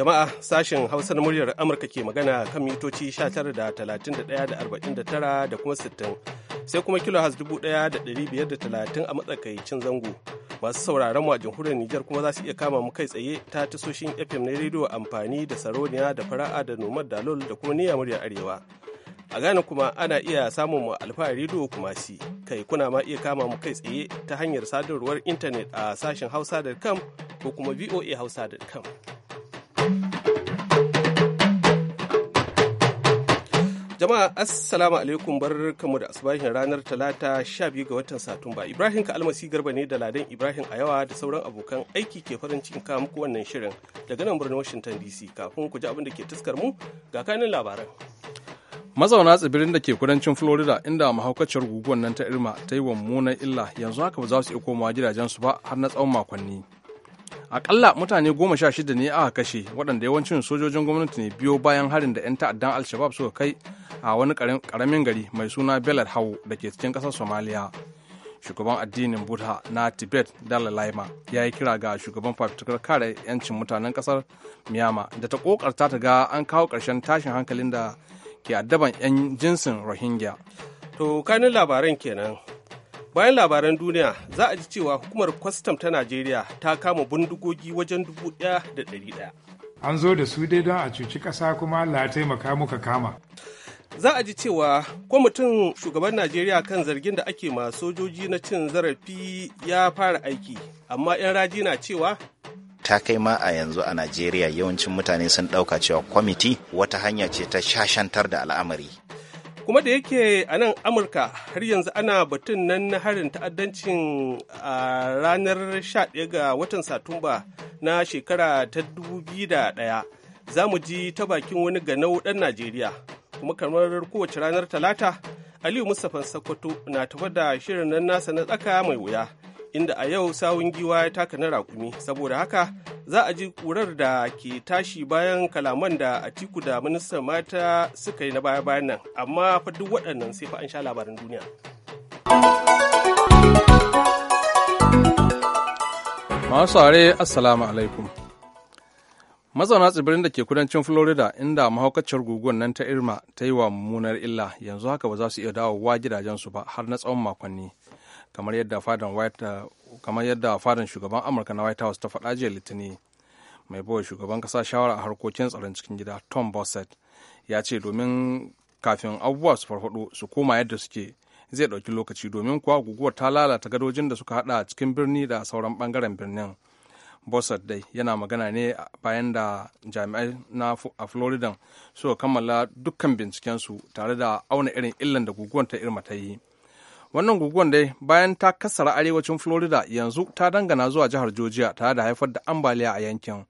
Jama'a sashen Hausa na muryar Amurka ke magana kan mitoci 19 da 31 da 49 da kuma 60 sai kuma kilohaz 1530 a matsakaicin zango. Masu sauraron mu a jamhuriyar Nijar kuma za su iya kama mu kai tsaye ta tasoshin FM na rediyo amfani da Saroniya da Fara'a da Nomad Dalol da kuma Niyya muryar Arewa. A Ghana kuma ana iya samun mu alfa rediyo kuma si kai kuna ma iya kama mu kai tsaye ta hanyar sadarwar intanet a sashen hausa.com ko kuma voa hausa.com Jama'a Assalamu alaikum bar kamu da asubahin ranar Talata 12 ga watan Satumba. Ibrahim ka almasi garba ne da Ladan Ibrahim a yawa da sauran abokan aiki ke farin cikin kawo muku wannan shirin daga nan birnin Washington DC kafin ku ji abin da ke tuskar mu ga kanin labaran. Mazauna tsibirin da ke kudancin Florida inda mahaukaciyar guguwar nan ta Irma ta yi wa mummunan illa yanzu haka ba za su iya komawa gidajensu ba har na tsawon makonni. akalla mutane goma sha shida ne aka kashe waɗanda yawancin sojojin gwamnati ne biyo bayan harin da 'yan ta'addan al-shabab suka kai a wani ƙaramin gari mai suna belar hau da ke cikin ƙasar somaliya shugaban addinin buddha na tibet dalai lama ya yi kira ga shugaban fafutukar kare 'yancin mutanen ƙasar miyama da ta ƙoƙarta ta ga an kawo ƙarshen tashin hankalin da ke addaban 'yan jinsin rohingya to kanin labaran kenan bayan labaran duniya za a ji cewa hukumar kwastam ta najeriya ta kama bindigogi wajen dubu ɗaya da ɗari ɗaya an zo da su dai don a cuci ƙasa kuma allah ya taimaka muka kama za a ji cewa kwamitin shugaban najeriya kan zargin da ake ma sojoji na cin zarafi ya fara aiki amma 'yan raji na cewa ta kai ma a yanzu a najeriya yawancin mutane sun ɗauka cewa kwamiti wata hanya ce ta shashantar da al'amari kuma da yake a nan amurka har yanzu ana batun nan na harin ta'addancin a ranar 11 ga watan satumba na shekara ta 2001 za mu ji ta bakin wani ganau ɗan najeriya kuma kamar kowace ranar talata aliyu mustapha sakwato na tafa da shirin nan nasa na tsaka mai wuya inda a yau sawun giwa ya taka na rakumi saboda haka za a ji kurar da ke tashi bayan kalaman da atiku da ministan mata suka yi na baya-bayan nan amma fa duk waɗannan sai fa an sha labarin duniya masu sare assalamu alaikum mazauna tsibirin da ke kudancin florida inda mahaukaciyar guguwar nan ta irma ta yi wa mummunar illa yanzu haka ba za su iya dawowa gidajensu ba har na tsawon makonni kamar yadda fadan white eh, kamar yadda fadan shugaban amurka na white house ta faɗa jiya litinin mai bawa shugaban kasa shawara a harkokin tsaron cikin gida tom bosset ya ce domin kafin abubuwa su farfaɗo su koma yadda suke zai ɗauki lokaci domin kuwa guguwar ta lalata gadojin da suka haɗa cikin birni da sauran bangaren birnin bosset dai yana magana ne bayan da jami'ai na a florida suka kammala dukkan bincikensu tare da auna irin illan da guguwar ta irma ta yi wannan guguwan dai bayan ta kassara arewacin florida yanzu ta dangana zuwa jihar georgia tare da haifar da ambaliya a yankin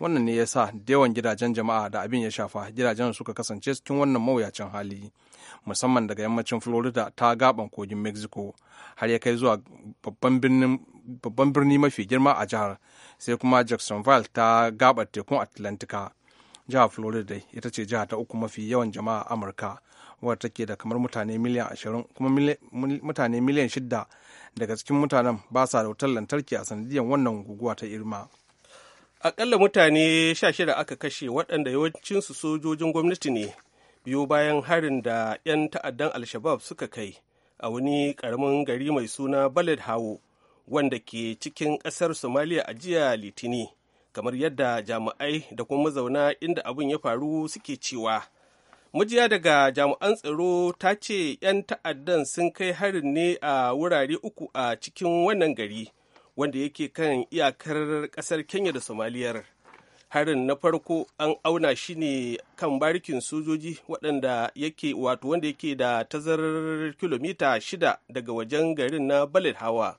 wannan ne ya sa da yawan gidajen jama'a da abin ya shafa gidajen suka kasance cikin wannan mawuyacin hali musamman daga yammacin florida ta gaban kogin mexico har ya kai zuwa babban birni mafi girma a jihar sai kuma jacksonville ta gabar tekun atlantika jihar florida ita ce jiha ta uku mafi yawan jama'a amurka wadda take da kamar mutane miliyan ashirin kuma mutane miliyan shida daga cikin mutanen ba sa da wutar lantarki a sanadiyar wannan guguwa ta irma akalla mutane sha shida aka kashe waɗanda yawancinsu sojojin gwamnati ne biyu bayan harin da 'yan ta'addan alshabab suka kai a wani ƙaramin gari mai suna balad hawo wanda ke cikin ƙasar somaliya a jiya litini kamar yadda jami'ai da kuma mazauna inda abin ya faru suke cewa Mujiya daga jami'an tsaro ta ce 'yan ta'addan sun kai harin ne a wurare uku a cikin wannan gari wanda yake kan iyakar ƙasar Kenya da Somaliyar. Harin na farko an auna shi ne kan barikin sojoji waɗanda yake wato wanda yake da tazarar kilomita shida daga wajen garin na Balad Hawa.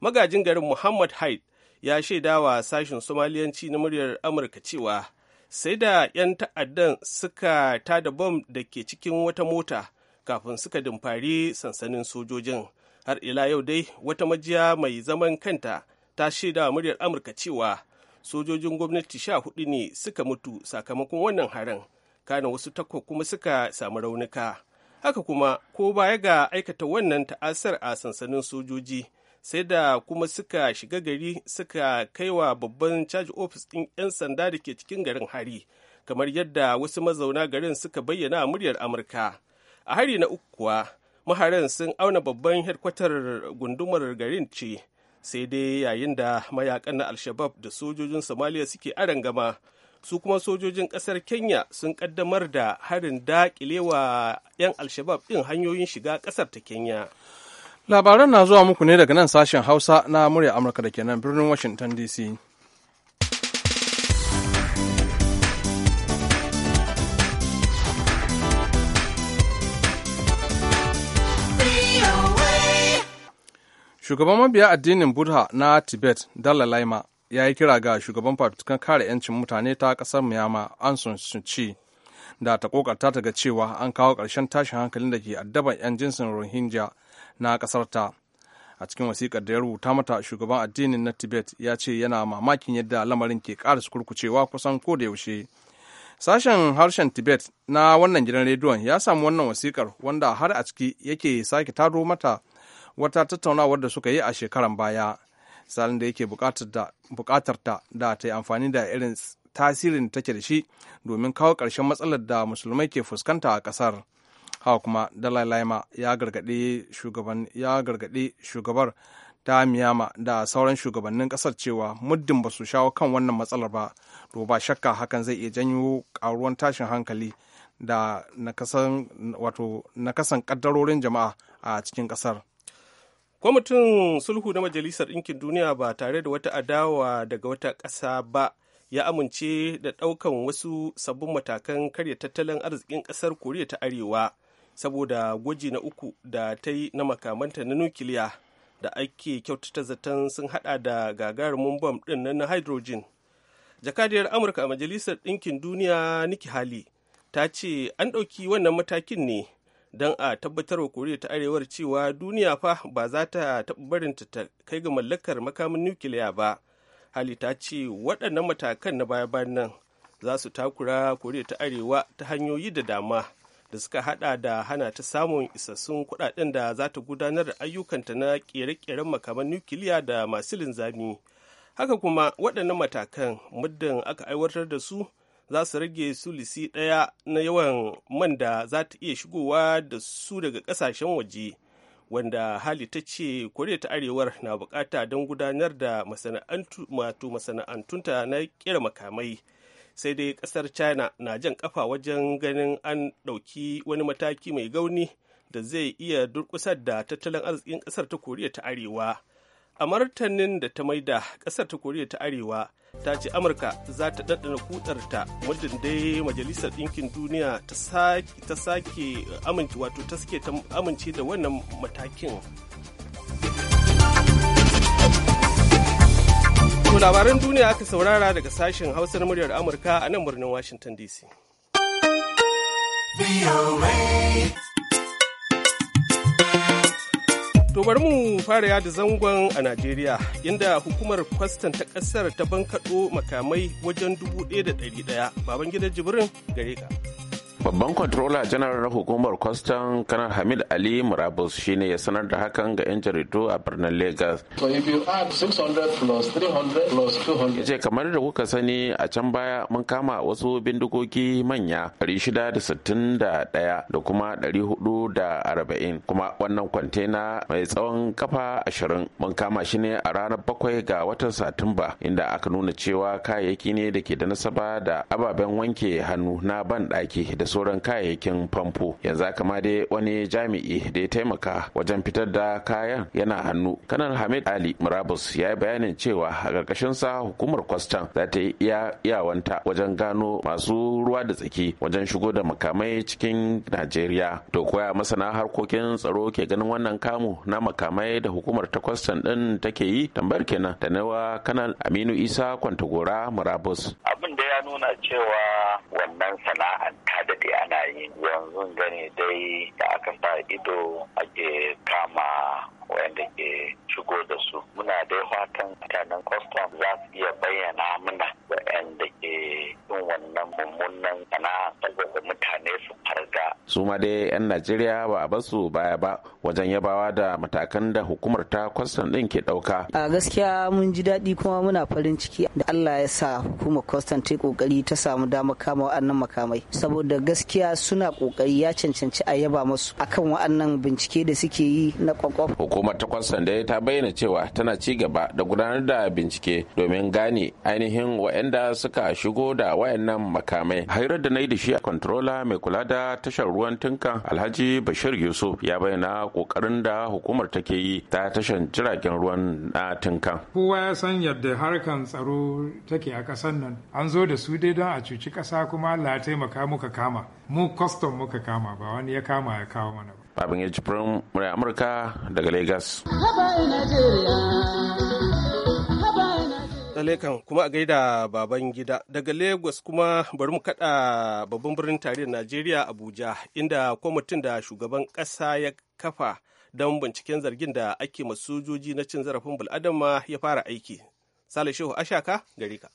Magajin garin Muhammad Haid ya shaidawa sashen Somaliyanci na muryar Amurka cewa sai da 'yan ta'addan suka tada bom da ke cikin wata mota kafin suka dimfari sansanin sojojin har ila yau dai wata majiya mai zaman kanta ta shaida muryar amurka cewa sojojin gwamnati sha hudu ne suka mutu sakamakon wannan harin kana wasu takwa kuma suka samu raunuka haka kuma ko baya ga aikata wannan ta'asar a sansanin sojoji sai da kuma suka shiga gari suka kaiwa babban caji ofis ɗin 'yan sanda da ke cikin garin hari kamar yadda wasu mazauna garin suka bayyana a muryar amurka a hari na uku kuwa maharan sun auna babban hedkwatar gundumar garin ce sai dai yayin da mayakan na alshabab da sojojin somaliya suke gama su kuma sojojin kasar kenya sun kaddamar da harin daƙilewa 'yan alshabab ɗin hanyoyin shiga ƙasar ta kenya Labaran na zuwa muku ne daga nan sashen Hausa na murya Amurka da ke nan birnin Washington DC. Shugaban mabiya addinin Buddha na Tibet, Dalai Lama, ya yi kira ga shugaban fafutukan kare 'yancin mutane ta ƙasar Myanmar, an sun ci da ta kokarta ta ga cewa an kawo ƙarshen tashin hankalin da ke addaban 'yan jinsin Rohingya na ƙasarta a cikin wasikar da ya rubuta mata shugaban addinin na tibet ya ce yana mamakin yadda lamarin ke ƙara kurkucewa kusan ko da yaushe sashen harshen tibet na wannan gidan rediyon ya samu wannan wasikar wanda har a ciki yake sake taro mata wata tattaunawar da suka yi a shekaran baya salin da yake bukatar ta da ta yi amfani da irin tasirin take da shi domin kawo ƙarshen matsalar da musulmai ke fuskanta a ƙasar. haka kuma dalai lama ya gargaɗi shugabar ta miyama da sauran shugabannin ƙasar cewa muddin ba su shawo kan wannan matsalar ba to ba shakka hakan zai iya janyo karuwan tashin hankali da nakasan kaddarorin jama'a a cikin kasar kwamitin sulhu na majalisar ɗinkin duniya ba tare da wata adawa daga wata ƙasa ba ya amince da ɗaukan wasu sabbin matakan karya tattalin arzikin ƙasar koriya ta arewa saboda gwaji na uku da ta yi na makamanta na nukiliya da ake kyautata zaton sun hada da gagarumin bom din na hydrogen jakadiyar amurka a majalisar ɗinkin duniya niki hali ta ce an ɗauki wannan matakin ne don a tabbatar wa koriya ta arewar cewa duniya fa ba za ta barin barinta ta kai ga mallakar makamin nukiliya ba hali ta ce waɗannan matakan na baya-bayan nan za su takura koriya ta arewa ta hanyoyi da dama da suka hada da hana ta samun isassun kudaden da za ta gudanar da ayyukanta na kere-keren makaman nukiliya da masu linzami haka kuma waɗannan matakan muddin aka aiwatar da su za su rage sulisi ɗaya na yawan man da za ta iya shigowa da su daga ƙasashen waje wanda hali ta ce koriya ta arewar na bukata don gudanar da masana'antunta na kera makamai sai dai kasar china na jan kafa wajen ganin an ɗauki wani mataki mai gauni da zai iya durkusar da tattalin arzikin kasar ta koriya ta arewa a martanin da ta maida kasar ta koriya ta arewa ta ce amurka za ta ɗaɗɗana kutarta muddin dai majalisar ɗinkin duniya ta sake amince wato ta suke amince da wannan matakin labaran duniya aka saurara daga sashen Hausa na muryar Amurka a nan birnin Washington DC. To bari mu fara yada zangon a Najeriya inda hukumar kwastan ta kasar ta bankaɗo makamai wajen dubu daya da ɗari ɗaya baban gidan jibirin gare ka. babban controller general na hukumar kwastan kanar hamid ali murabus shine ya sanar da hakan ga 'yan jaridu a birnin lagos ya ce kamar da kuka sani a can baya mun kama wasu bindigogi manya 661 da kuma 440 kuma wannan kwantena mai tsawon kafa 20 mun kama shi ne a ranar bakwai ga watan satumba inda aka nuna cewa kayayyaki ne da ke da nasaba da ababen wanke hannu na ban ɗaki da su sauran kayayyakin famfo yanzu kama dai wani jami'i da ya taimaka wajen fitar da kayan yana hannu kanan hamid ali murabus ya yi bayanin cewa a sa hukumar kwastan, za ta yi iya iyawanta wajen gano masu ruwa da tsaki wajen shigo da makamai cikin najeriya to koya masana harkokin tsaro ke ganin wannan kamu na makamai da hukumar ta kwastam ɗin take yi tambayar kenan da nawa kanan aminu isa kwantagora murabus abin da ya nuna cewa wannan sana'a ta da daɗe ana yi yanzu gane dai da aka sa ido ake kama wayanda ke shigo da su muna dai fatan mutanen kwastam za su iya bayyana mana wayanda ke yin wannan mummunan sana'a da mutane su farga su ma dai yan najeriya ba a basu baya ba wajen yabawa da matakan da hukumar ta kwastam din ke ɗauka. a gaskiya mun ji daɗi kuma muna farin ciki da allah ya sa hukumar kwastan ta kokari ta samu damar kama wa'annan makamai saboda gaskiya suna kokari ya cancanci a yaba musu akan wa'annan bincike da suke yi na kwakwaf hukumar ta kwastan ta bayyana cewa tana ci gaba da gudanar da bincike domin gane ainihin wa'anda suka shigo da wayannan makamai hairar da na yi da shi a controller mai kula da tashar ruwan tinka alhaji bashir yusuf ya bayyana kokarin da hukumar take yi ta tashar jiragen ruwan na tinka kowa ya san yadda harkan tsaro take a kasar nan an zo da su dai don a cuci kasa kuma allah ya taimaka muka kama mu kwastom muka kama ba wani ya kama ya kawo mana babin ya ci amurka daga lagos Alaikan kuma a gaida baban gida daga Lagos kuma bari mu kada babban birnin tarihin Najeriya Abuja inda kwamitin da shugaban ƙasa ya kafa don binciken zargin da ake masu sojoji na cin zarafin bil'adama ya fara aiki. Sale Shehu Ashaka gari ka.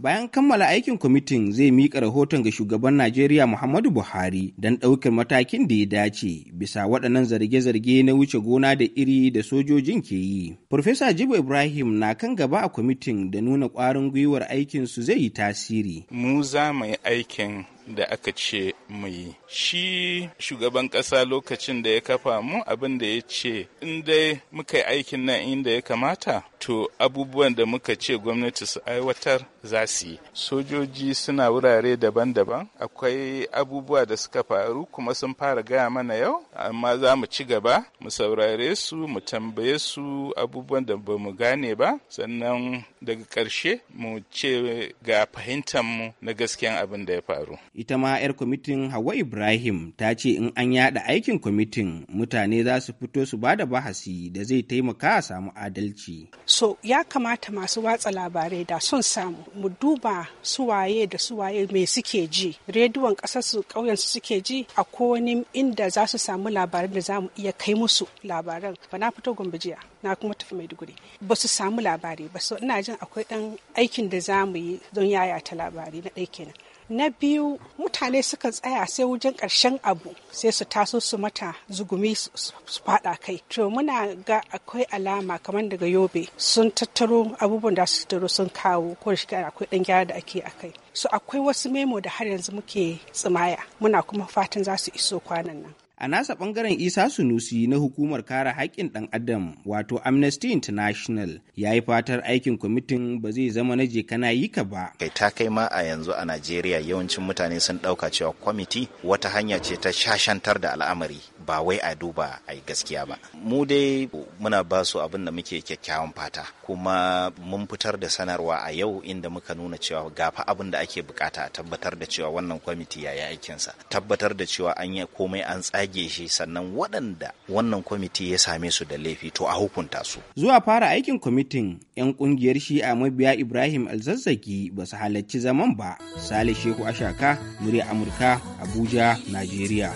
Bayan kammala aikin kwamitin zai miƙa rahoton ga shugaban Najeriya Muhammadu Buhari don ɗaukar matakin da ya dace bisa waɗannan zarge-zarge na wuce gona da iri da sojojin ke yi. Farfesa Jibo Ibrahim na kan gaba a kwamitin da nuna ƙwarin gwiwar aikinsu zai yi tasiri. Mu za mu yi aikin da aka ce mu yi shi shugaban ƙasa lokacin da ya kafa mu abin da ya ce in dai muka yi aikin nan inda ya kamata to abubuwan da muka ce gwamnati su aiwatar za su yi sojoji suna wurare daban-daban akwai abubuwa da suka faru kuma sun fara gaya mana yau amma za mu ci gaba mu saurare su mu tambaye su abubuwan da ba mu gane ba sannan daga ƙarshe mu ce ga fahimtar mu na gaskiyan abin da ya faru. Ita ma 'yar kwamitin Hauwa Ibrahim ta ce in an yada aikin kwamitin mutane za su fito su ba da bahasi da zai taimaka a samu adalci. So ya kamata masu watsa labarai da sun samu mu duba suwaye da suwaye mai suke ji rediyon ƙasar su ƙauyen su suke ji a wani inda za su samu labaran da za mu iya kai musu labaran. bana fito gombe jiya. na kuma tafi maiduguri ba su samu labari ba so ina jin akwai ɗan aikin da za mu yi don yayata labari na ɗaya kenan na biyu mutane suka tsaya sai wajen ƙarshen abu sai su taso su mata zugumi su fada kai to muna ga akwai alama kamar daga yobe sun tattaro abubuwan da su tattaro sun kawo ko shi akwai ɗan gyara da ake a kai so akwai wasu memo da har yanzu muke tsimaya muna kuma fatan za su iso kwanan nan A nasa ɓangaren Isa Sunusi na hukumar kare haƙƙin ɗan Adam wato Amnesty International ya yi fatar aikin kwamitin ba zai zama na je kana yi ka ba. Kai ta kai ma a yanzu a Najeriya yawancin mutane sun ɗauka cewa kwamiti wata hanya ce ta shashantar da al'amari ba wai a duba a yi gaskiya ba. Mu dai muna ba su abin da muke kyakkyawan fata kuma mun fitar da sanarwa a yau inda muka nuna cewa gafa abin da ake bukata a tabbatar da cewa wannan kwamiti ya yi aikinsa tabbatar da cewa an yi komai an tsaki tsage shi sannan waɗanda wannan kwamiti ya same su da laifi to a hukunta su. Zuwa fara aikin kwamitin 'yan ƙungiyar shi a mabiya Ibrahim Alzazzaki ba su halarci zaman ba. Sale Shehu Ashaka, murya Amurka, Abuja, Najeriya.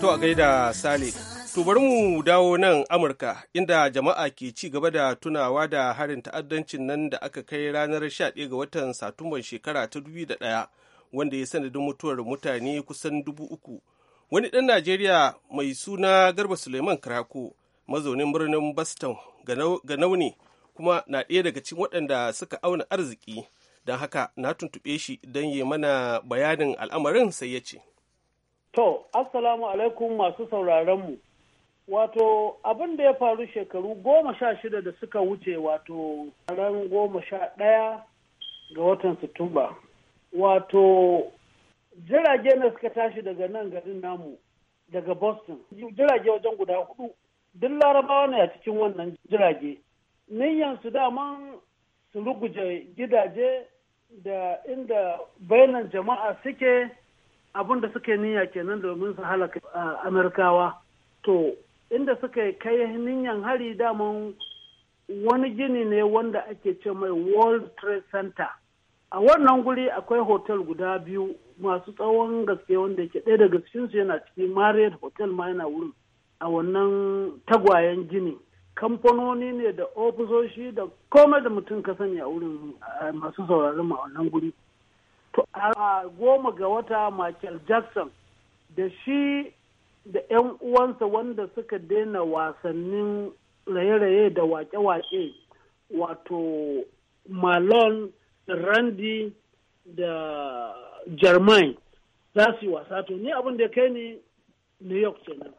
To a gaida Sale. To bari mu dawo nan Amurka inda jama'a ke ci gaba da tunawa da harin ta'addancin nan da aka kai ranar 11 ga watan Satumban shekara ta 2001 wanda ya sanadin mutuwar mutane kusan dubu uku wani ɗan najeriya mai suna garba suleiman krako mazaunin birnin boston ga nauni kuma na ɗaya daga cikin waɗanda suka auna arziki don haka na tuntuɓe shi don yi mana bayanin al'amarin sai ya ce to assalamu alaikum masu sauraronmu wato abin da ya faru shekaru goma sha shida da suka wuce wato ran goma sha ɗaya ga watan Satumba wato jirage na suka tashi daga nan garin namu daga boston jirage wajen guda hudu duk larabawa ne a cikin wannan jirage su dama su ruguje gidaje da inda bayanan jama'a suke abin da suka niyya kenan domin su halaka amurkawa to inda suka kai niyyan hari daman wani gini ne wanda ake ce mai world trade center a wannan guri akwai hotel guda biyu masu tsawon gaske wanda ke ɗaya daga cikinsu yana cikin marriott hotel ma yana wurin a wannan tagwayen gini kamfanoni ne da ofisoshi da komai da mutum ka sani a wurin masu sauraron ma wannan guri to a goma ga wata michael jackson da shi da 'yan uwansa wanda suka daina wasannin raye-raye da wake-wake wato malone randi da germain za su yi wasa to ni abin da kai ni new york kenan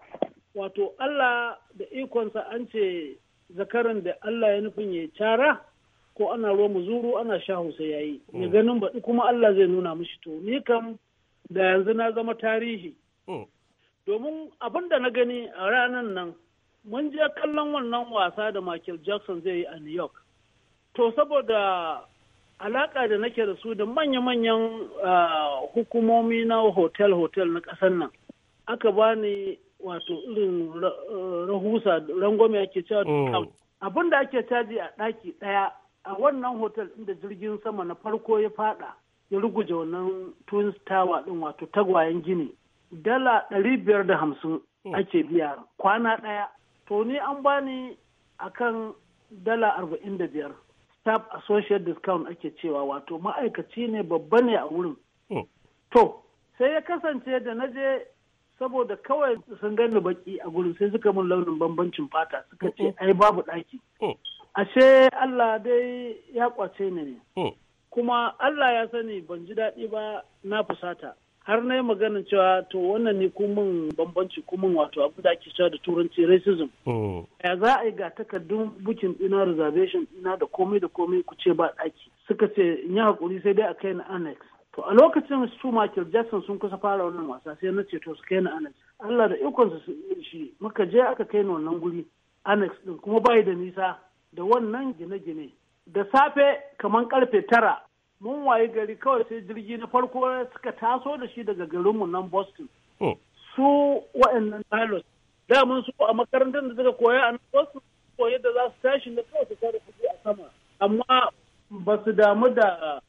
wato allah da ikonsa an ce zakaran da allah ya nufin ya cara ko ana ruwa muzuru ana shahu sai ya yi ya mm. ganin baɗi kuma allah zai nuna mishi to ni kam da yanzu na zama tarihi mm. domin abin da na gani a ranar nan mun je kallon wannan wasa da michael jackson zai yi a new york to saboda alaka da nake da su da manya-manyan hukumomi na hotel-hotel na ƙasar nan aka bani wato irin rahusa rangwame ake cewa oh. abin da ake caji a ɗaki ɗaya a wannan hotel inda jirgin sama na farko ya fada ya ruguje wannan twin tower ɗin wato tagwayen gini dala ɗari biyar da hamsin oh. ake biya kwana ɗaya to ni an bani akan dala arba'in da biyar staff associate discount ake cewa wato ma'aikaci ne babba ne a wurin oh. to sai ya kasance da na je saboda kawai sun gani baki a gurin sai suka mun launin bambancin fata suka ce ai babu ɗaki oh. ashe Allah dai ya kwace ni ne oh. kuma Allah ya sani ban ji daɗi ba na fusata har na yi maganin cewa to wannan ne kumin bambanci kumin wato abu da ake cewa da turanci racism. Oh. Ya za a yi ga takardun bukin ina reservation ina da komai da komai ku ce ba ɗaki. Suka ce in yi hakuri sai dai a kai na annex. To a lokacin su Michael Jackson sun kusa fara wannan wasa sai na ce to su kai na annex. Allah da ikon su shi muka je aka kai ni wannan guri annex din kuma bayi da nisa da wannan gine-gine. Da safe kamar karfe tara mun waye gari kawai sai jirgi na farko suka taso da shi daga garinmu nan Boston. Oh. Su wa'annan da daman su a makarantar da suka koya a nan Boston koya da za su tashi na kawai su tare kudi a sama. Amma ba su damu da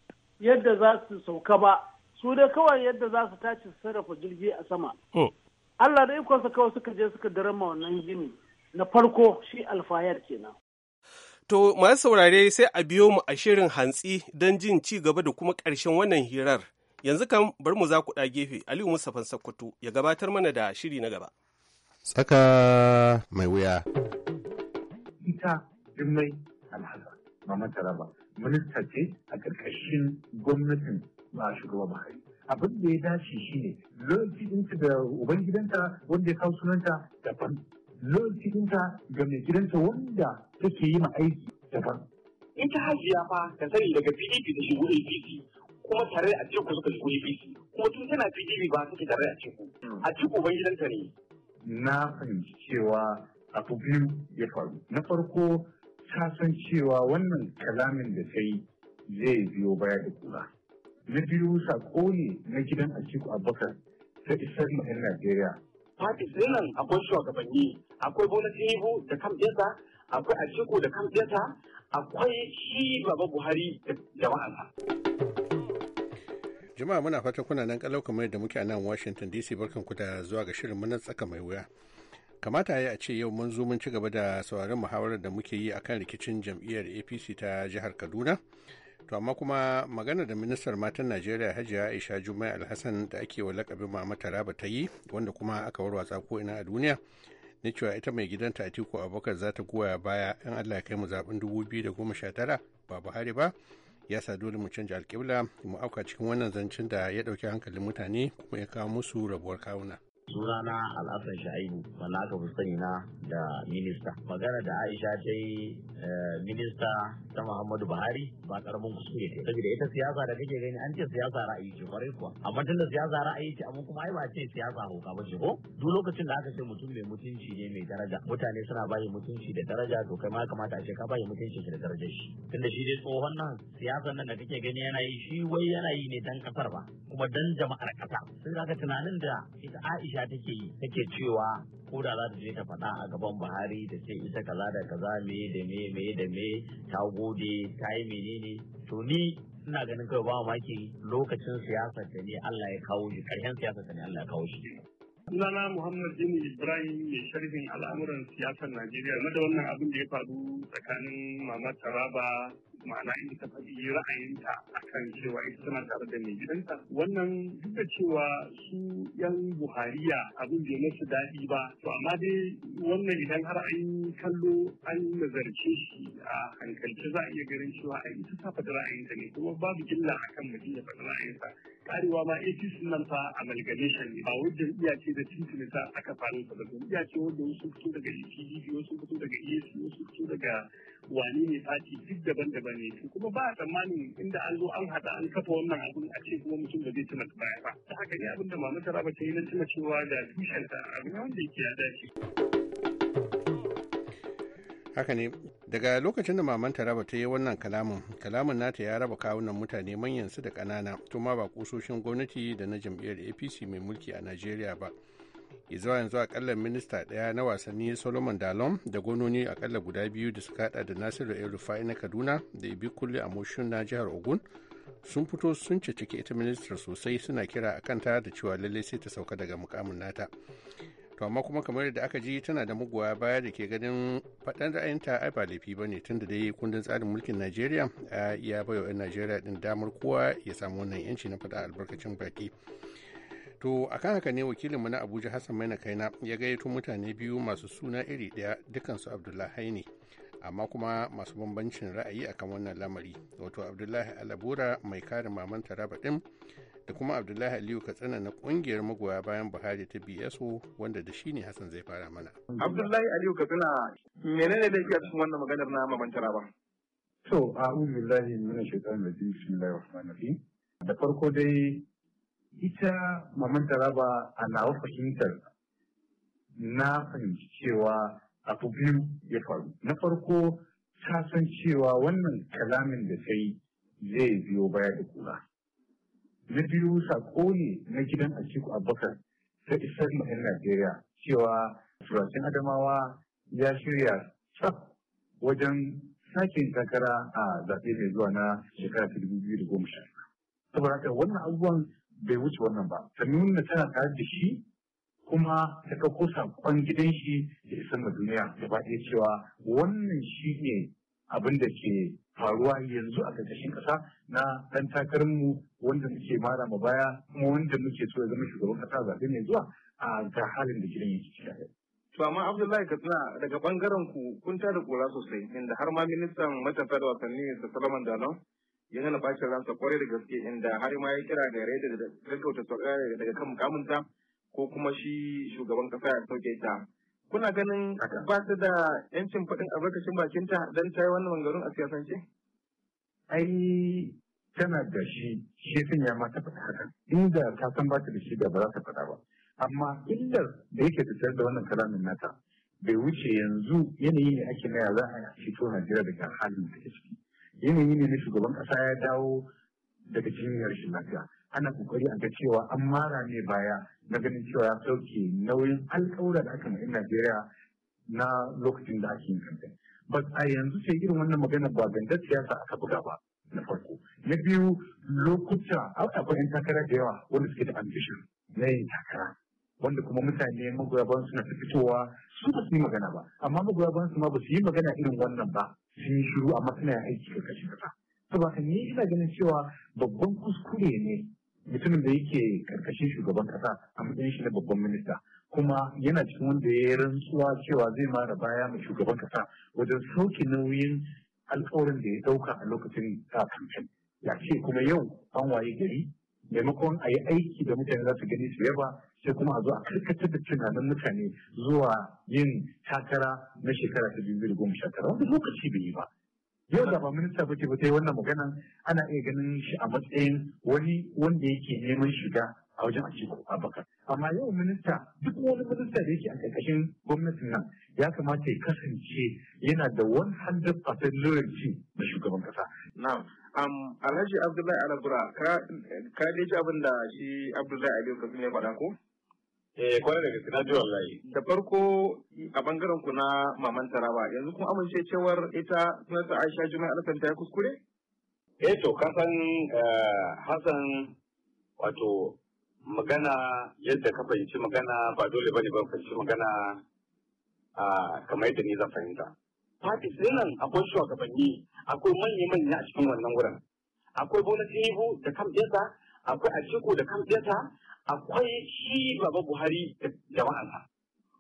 yadda za su sauka ba. Su dai kawai yadda za su tashi su sarrafa jirgi a sama. Oh. Allah da ikonsa kawai suka je suka darama wannan gini na farko shi alfayar kenan. To, masu saurare sai a biyo mu a shirin hantsi don jin ci gaba da kuma ƙarshen wannan hirar. Yanzu kan bar mu za ku ɗa gefe, Aliyu Mustapha Sakkwato ya gabatar mana da shiri na gaba. Tsaka mai wuya. Ita Jummai Alhazar, Mama Taraba, minista ce a ƙarƙashin gwamnatin ba shugaba Buhari. Abin da ya dace shi shine, lokacin da ubangidanta wanda ya kawo sunanta daban lokacin cikinta ga mai gidanta wanda take yi ma aiki daban. ta hajiya fa ta sani daga PDP da shigo APC kuma tare a cikin suka shigo APC kuma tun tana PDP ba suke tare a cikin. A cikin ban gidanta ne. Na fahimci cewa abu biyu ya faru. Na farko ta san cewa wannan kalamin da ta yi zai biyo baya da kula. Na biyu sako ne na gidan cikin Abubakar ta isar ma 'yan Najeriya. Fatis nan akwai shugabanni akwai bola tinubu da kan ɗinsa akwai ashiko da kan ɗinsa akwai shi baba buhari da jama'ansa. jama'a muna fatan kuna nan kalau kamar da muke a nan washington dc barkan ku da zuwa ga shirin na tsaka mai wuya kamata ya a ce yau mun zo mun ci gaba da sauraron muhawarar da muke yi akan rikicin jam'iyyar apc ta jihar kaduna to amma kuma magana da ministar matan najeriya hajiya aisha jumai alhassan da ake wa lakabin mamata raba ta yi wanda kuma aka warwatsa ko ina a duniya na cewa ita mai gidan gidanta Atiku Abubakar za ta goya baya in Allah ya kai mu zaben 2019 ba Buhari ba ya sa dole mu canja alƙibla mu auka cikin wannan zancen da ya ɗauki hankalin mutane kuma ya kawo musu rabuwar kawuna. sunana al'asan sha'ibu wanda aka fi sani na da minista magana da aisha ta yi eh, minista ta muhammadu buhari ba karamin kuskure ce saboda ita siyasa da kake gani an ce siyasa ra'ayi ce kwarai kuwa amma tun siyasa ra'ayi ce amma kuma ai ba ce siyasa hoka ba ce ko duk lokacin da aka ce mutum mai mutunci ne mai daraja mutane suna bayi mutunci da daraja to kai ma kamata a ce ka bayi mutunci da darajar shi tunda shi dai tsohon nan siyasan nan da kake gani yana yi shi wai yana yi ne dan kasar ba kuma dan jama'ar kasa sai zaka tunanin da ita Aisha take yi take cewa koda da za ta je ta faɗa a gaban buhari da ce ita kaza da kaza me da me me da me ta gode ta yi menene to ni ina ganin kawai ba maki lokacin siyasar ta ne Allah ya kawo shi karshen siyasar ta ne Allah ya kawo shi sunana Muhammad Jini Ibrahim mai sharhin al'amuran siyasar Najeriya na da wannan abin da ya faru tsakanin Mama Taraba ma'ana inda ta faɗi ra'ayinta kan cewa ita tana tare da mai gidanta wannan duk da cewa su yan buhariya abin bai masu daɗi ba to amma dai wannan idan har an kallo an nazarce shi a hankalce za a iya ganin cewa ita ta faɗi ra'ayinta ne kuma babu illa akan mutum ya faɗi ra'ayinsa karewa ma APC nan fa amalgamation ne ba wajen iya ce da tuntuni ta aka fara da ba iya ce wanda wasu fito daga EPDP wasu fito daga EAC wasu fito daga wani ne fati duk daban-daban ne kuma ba a tsammanin inda an zo an hada an kafa wannan abun a ce kuma mutum da zai tuna baya ba ta haka ne abin da mamata raba ta yi na tuna cewa da tushen ta. Abin wanda yake ya dace. haka ne daga lokacin da maman taraba ta yi wannan kalamin kalamin nata ya raba kawunan mutane manyan su da kanana tuma ba kusoshin gwamnati da na jam'iyyar apc mai mulki a nigeria ba zuwa yanzu akalla minista ɗaya na wasanni solomon dalon da gononi akalla guda biyu da suka hada da nasiru el rufai na kaduna da ibi kulle a moshin na jihar ogun sun fito sun cece ita ministar sosai suna kira a kanta da cewa lallai sai ta sauka daga mukamin nata to amma kuma kamar yadda aka ji tana da muguwa baya da ke ganin faɗan ra'ayinta ai ba laifi ba ne tun da dai kundin tsarin mulkin najeriya ya iya bayo 'yan najeriya din damar kowa ya samu wannan yanci na faɗa albarkacin baki to akan haka ne wakilinmu na abuja hassan maina kaina ya gayyato mutane biyu masu suna iri ɗaya dukansu abdullahi ne amma kuma masu bambancin ra'ayi akan wannan lamari wato abdullahi alabura mai kare maman taraba ɗin da kuma abdullahi aliyu katsina na kungiyar magoya bayan buhari ta bso wanda da shi ne hassan zai fara mana abdullahi aliyu katsina menene da ke cikin wannan maganar na mabantara ba to a billahi shekaru shaitan rajim shi rahmanir na da farko dai ita mamantara ba a nawa fahimtar na fahimci cewa abu biyu ya faru na farko ta san cewa wannan kalamin da sai zai biyo baya da kura na biyu sako ne na gidan Atiku Abubakar ta isar ma 'yan Najeriya cewa Turacin Adamawa ya shirya tsaf wajen sake takara a zaɓe mai zuwa na shekara ta dubu biyu da goma sha saboda haka wannan abubuwan bai wuce wannan ba ta nuna tana tare da shi kuma ta ɗauko saƙon gidan shi da isar duniya gaba ɗaya cewa wannan shi ne abin da ke faruwa yanzu a ƙarƙashin ƙasa na ɗan takararmu wanda muke mara ma baya kuma wanda muke so ya zama shugaban ƙasa zaɓe mai zuwa a ga halin da gidan yake ciki. To amma Abdullahi Katsina daga ɓangaren ku kun tada kura sosai inda har ma ministan matasa da wasanni da Solomon Dalon ya nuna bacin ransa kwarai da gaske inda har ma ya kira ga da gaggauta sauƙa daga kan mukaminta ko kuma shi shugaban ƙasa ya sauke ta. kuna ganin ba su da yancin faɗin albarkacin bakinta don ta yi wannan mangarun a siyasance? Ai tana da shi shi sun ya mata faɗa haka inda ta san ba da shi da ba za ta faɗa ba amma illar da yake tattare da wannan kalamin nata bai wuce yanzu yanayi ne ake na za a fito Najeriya daga halin da ciki yanayi ne na shugaban ƙasa ya dawo daga jinyar shi lafiya ana kokari a ga cewa an mara ne baya na ganin cewa ya sauke nauyin alƙawura da aka mai Najeriya na lokacin da ake yin Ba a yanzu sai irin wannan magana ba gandar siyasa aka buga ba na farko. Na biyu lokuta akwai 'yan takara da yawa wanda suke da ambition na yin takara. wanda kuma mutane magoya bayan suna fitowa su ba su yi magana ba amma magoya bayan su ma ba su yi magana irin wannan ba sun yi shiru amma suna aiki da kashe kasa saboda ni ina ganin cewa babban kuskure ne mutumin da yake karkashin shugaban kasa a matsayin shi na babban minista kuma yana cikin wanda ya rantsuwa cewa zai mara baya ma shugaban kasa wajen sauke nauyin alkawarin da ya dauka a lokacin kamfen ya ce kuma yau an waye gari maimakon a yi aiki da mutane za su gani su yaba sai kuma a zo a karkatar da tunanin mutane zuwa yin takara na shekara ta biyu da goma sha tara wanda lokaci bai yi ba yau da ba minista ba ke ba wannan maganan ana iya ganin shi a matsayin wani wanda yake neman shiga a wajen Atiku Abubakar amma yau minista duk wani minista da yake a ƙarƙashin gwamnatin nan ya kamata ya kasance yana da 100% loyalty da shugaban kasa na'am um, Alhaji Abdullahi Alabura ka ka ji abin da shi Abdullahi Aliyu ya faɗa ko Eh kwarai da gaske na ji wallahi. Da farko a bangaren ku na maman Taraba yanzu kun amince cewar ita sunanta Aisha Juma'a Alhassan ta kuskure? Eh to kasan eh, Hassan wato magana yadda ka fahimci magana ba dole bane ban fahimci magana a kamar yadda ni zan fahimta. Fati ɗin nan akwai shugabanni akwai manya-manya a cikin wannan wurin. Akwai Bola Tinubu da kamfiyarsa akwai Atiku da kamfiyarsa akwai shi baba Buhari da jama'ansa.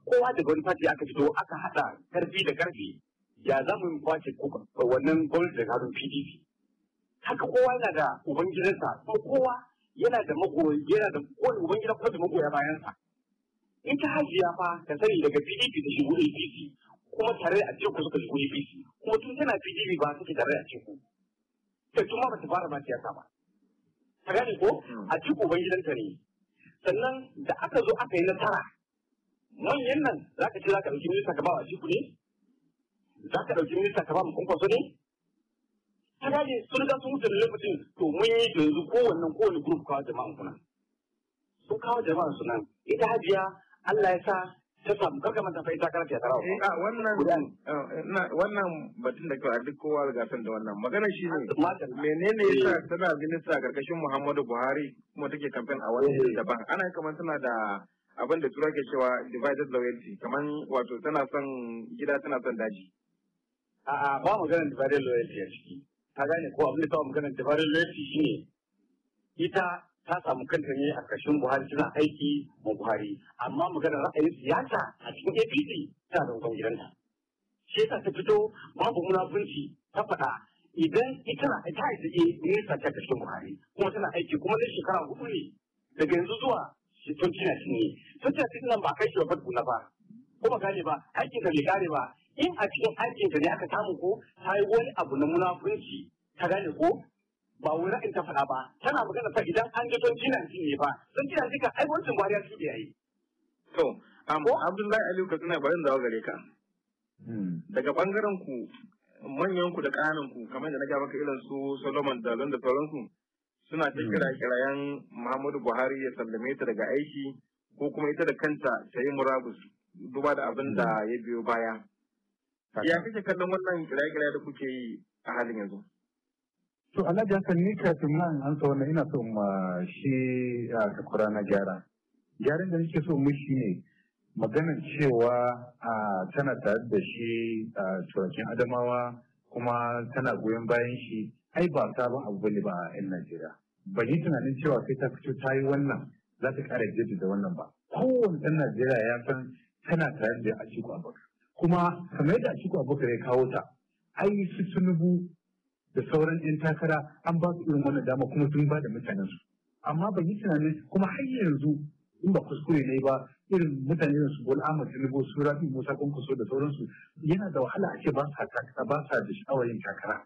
Kowa da wani fati aka fito aka haɗa karfi da karfi ya za mu kwace wannan gwamnati da garin PDP. Haka kowa yana da ubangidansa ko kowa yana da magoyi yana da kowane ubangidan kuma da magoya bayansa. In ta hajiya fa ka sani daga PDP da shigo APC kuma tare a ku suka shigo APC kuma tun tana PDP ba suke tare a ce ku. Ta tuma ba ta fara ma siyasa ba. Ta gane ko? Hmm. A cikin ubangidanta ne. sannan da aka zo aka yi nasara manyan nan za ka ce za ka ɗauki minista ka ba wa shiku ne za ka ɗauki minista ka ba mu kunkwaso ne ta gane sun ga sun wuce lokacin to mun yi yanzu kowanne kowane grup kawo jama'an kuna sun kawo jama'a sunan, ita hajiya Allah ya sa ta samu kar ka manta fa ita karanta ta rawa a eh, wannan eh, wannan batun da kawai duk kowa riga san da wannan magana shi ne menene yasa eh. tana minista karkashin Muhammadu Buhari kuma take kamfen a wannan daban ana kamar tana da abin da tura ke cewa divided loyalty kamar wato tana son gida tana son daji a'a ba mu ganin divided loyalty a ciki ka gane ko abin da ta maganar divided loyalty ne ita ta samu kanta ne a ƙarshen Buhari tana aiki ma Buhari amma maganar ra'ayin siyasa a cikin APC tana da wutan gidanta. Shi ta fito babu munafunci ta faɗa idan ita na ita ita ke ne ta ƙarshen Buhari kuma tana aiki kuma zai shekara hudu ne daga yanzu zuwa tun tana shi ne tun tana nan ba kai shi ba na ba kuma gane ba aikin ka bai gane ba in a cikin aikin ka ne aka samu ko ta yi wani abu na munafunci ka gane ko ba wani ra'ayin ta faɗa ba tana magana fa idan an ga don jinan ne ba don jinan ka ai wancan bariya su da yayi to amma Abdullahi Aliyu ka tana barin gare ka hmm. daga bangaren ku manyan ku da ƙananan ku kamar da na maka irin su Solomon da London sauran ku suna ta hmm. kira kirayen Muhammadu Buhari ya sallame ta daga aiki ko kuma ita da kanta ta yi murabus duba da abin da hmm. ya biyo baya ya kake kallon wannan kiraye-kiraye da kuke yi a halin yanzu To Alhaji Hassan ni kafin nan an sa wannan ina son ma shi a kakura na gyara. Gyaran da nake so mu ne maganar cewa tana tare da shi a turakin Adamawa kuma tana goyon bayan shi ai ba sabon abu bane ba a 'yan Najeriya. Ban yi tunanin cewa sai ta fito ta yi wannan za ta ƙara da wannan ba. Kowane ɗan Najeriya ya san tana tare da cikin Abubakar. Kuma kamar yadda cikin Abubakar ya kawo ta ai su tunubu da sauran 'yan takara an ba su irin wannan dama kuma sun ba da mutanen su amma ban yi tunanin kuma har yanzu in ba kuskure ne ba irin mutane su bol Ahmad Tinubu su Rabi Musa Kwankwaso da sauransu yana da wahala a ce ba sa takara ba sa da sha'awar yin takara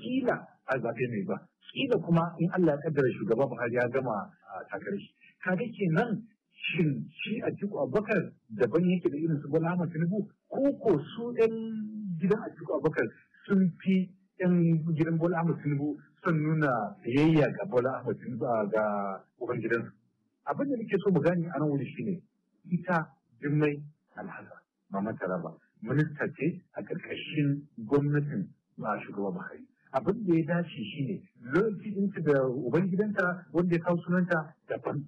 kila a zaɓe mai ba kila kuma in Allah ya kaddara shugaba Buhari ya gama takarar shi kaga kenan shin shi a ciku abubakar daban yake da irin su bol Ahmad Tinubu ko ko su ɗan gidan a ciku abubakar sun fi 'yan gidan Bola Ahmed Tinubu sun nuna biyayya ga Bola Ahmed Tinubu ga Ubangidansu. Abin da nake so mu gani a nan wuri shine ita Jummai Alhaza Mama Taraba minista ce a ƙarƙashin gwamnatin shugaba Buhari. Abin da ya dace shine ɗinta da Ubangidanta wanda ya kawo sunanta daban.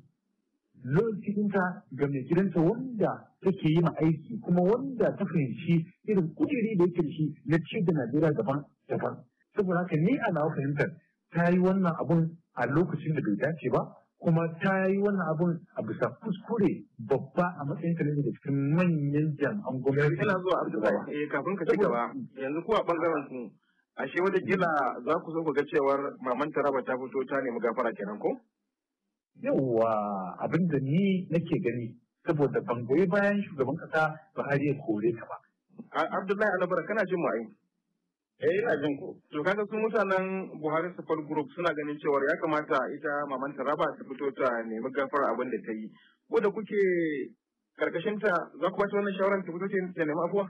ɗinta ga mai gidanta wanda take yi ma aiki kuma wanda ta fahimci irin kujeri da yake da shi na ce da Najeriya daban daban saboda haka ni a fahimtar ta yi wannan abun a lokacin da bai dace ba kuma ta yi wannan abun a bisa kuskure babba a matsayin kalin da cikin manyan jami'an gwamnati ina zuwa abdullahi eh kafin ka ci gaba yanzu kuwa bangaren su ashe wata gila za ku so ku ga cewar maman taraba ta fito ta nemi gafara kenan ko yawwa abin da ni nake gani saboda ban goyi bayan shugaban kasa Buhari ya kore ka ba Abdullahi Alabara kana jin mu eh ina jin ku to kaga su mutanen Buhari Support Group suna ganin cewa ya kamata ita maman Taraba ta fito ta nemi gafar abin da ta yi ko da kuke ƙarƙashinta za ku ta wannan shawaran ta fito ta nemi afuwa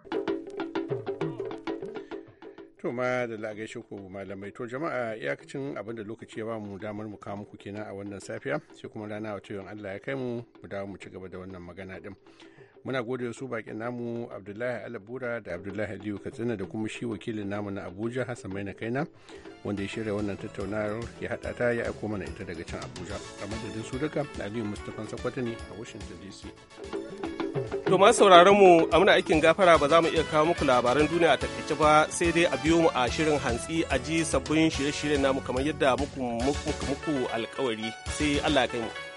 To ma da lagai shiko malamai to jama'a iyakacin abin da lokaci ya ba mu damar mu kawo muku kenan a wannan safiya sai kuma rana wato yin Allah ya kai mu mu dawo mu ci gaba da wannan magana din. Muna gode su bakin namu Abdullahi Alabura da Abdullahi Aliyu Katsina da kuma shi wakilin namu na Abuja Hassan Maina Kaina wanda ya shirya wannan tattaunawar ya hada ta ya aiko mana ita daga can Abuja. A madadin su duka Aliyu Mustafa Sakwata ne a Washington DC. To ma sauraron mu a muna aikin gafara ba za mu iya kawo muku labaran duniya a takaice ba sai dai a biyo mu a shirin hantsi a ji sabbin shirye-shiryen namu kamar yadda muku muku alkawari sai Allah ya kai mu.